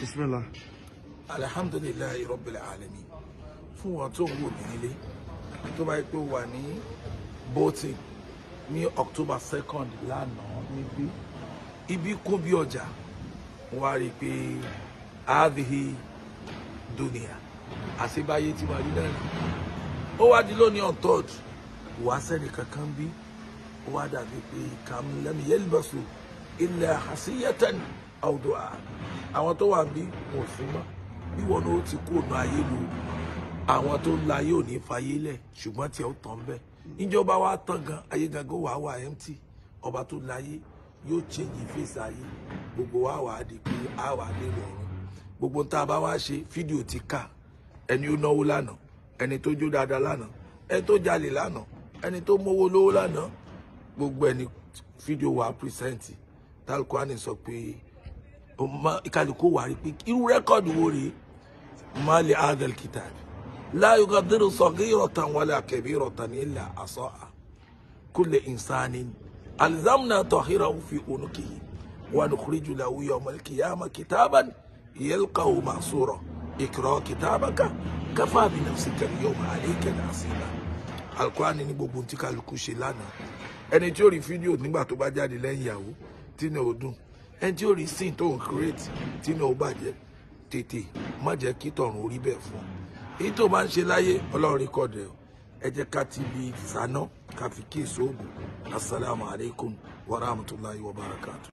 bismillah. alhamdulilayi rabbil alamin fún wọn tó ń wò mí nílé tó bá yẹ pé ó wà ní bolton ní october second lánàá níbí ibi kó bí ọjà wàá rí i pé adhihi dunia àṣebáyé tí wàá rí náà ó wá di lónìí on third wàá sẹ́ni kankan bí ó wá dàbí pé kàmú lẹ́mìí yẹ́lbẹ̀sù ilẹ̀ àṣeyẹ́tẹ̀ àwùjọ àná àwọn tó wà bí wọn ò sí mọ́ bí wọn ó ti kú ònà ayé lu àwọn tó ń la ayé ò ní fayé lẹ̀ ṣùgbọ́n tí ẹ ó tán bẹ́ẹ̀ níjọba wa tán gan ayé gangan wà wà empty ọba tó láyé yóò change face ayé gbogbo wa wà á di pé a wà á lérò ọ̀run gbogbo tá a bá wá ṣe fídíò ti kà ẹni ó náwó lánàá ẹni tó jó dáadáa lánàá ẹni tó jalè lánàá ẹni tó mówó lówó lánàá gbogbo ẹni fídíò wa pírísẹ́ǹtì tálkùánì sọ pé kálukú wà rí pé irú rẹ́kọ̀dù wo rèé má lè adal kitab la yugadiru saghiratan wala kabiratan illa asa'a kulli insanin alzamna tahirahu fi unukihi wa nukhriju lahu yawmal qiyamati kitaban yalqahu ma'sura ikra kitabaka kafa bi nafsika al-yawma alayka hasiba alukóhánì ní gbogbo ohun tí kálukú ṣe lánàá ẹni tí ó rí fídíò nígbà tó bá jáde lẹ́yìn ìyàwó tí ní òdùn ẹni tí ó rí sin tó ń create tí náà ó bàjẹ́ tètè má jẹ́ kí tọ̀run orí bẹ́ẹ̀ fún èyí tó máa ń ṣe láyé ọlọ́run rékọ̀dù ẹ̀ ẹ jẹ́ ká ti bi ìsáná ká fi kí èso ògùn asalaamualeykum wa rahmatulahi wa barakatu.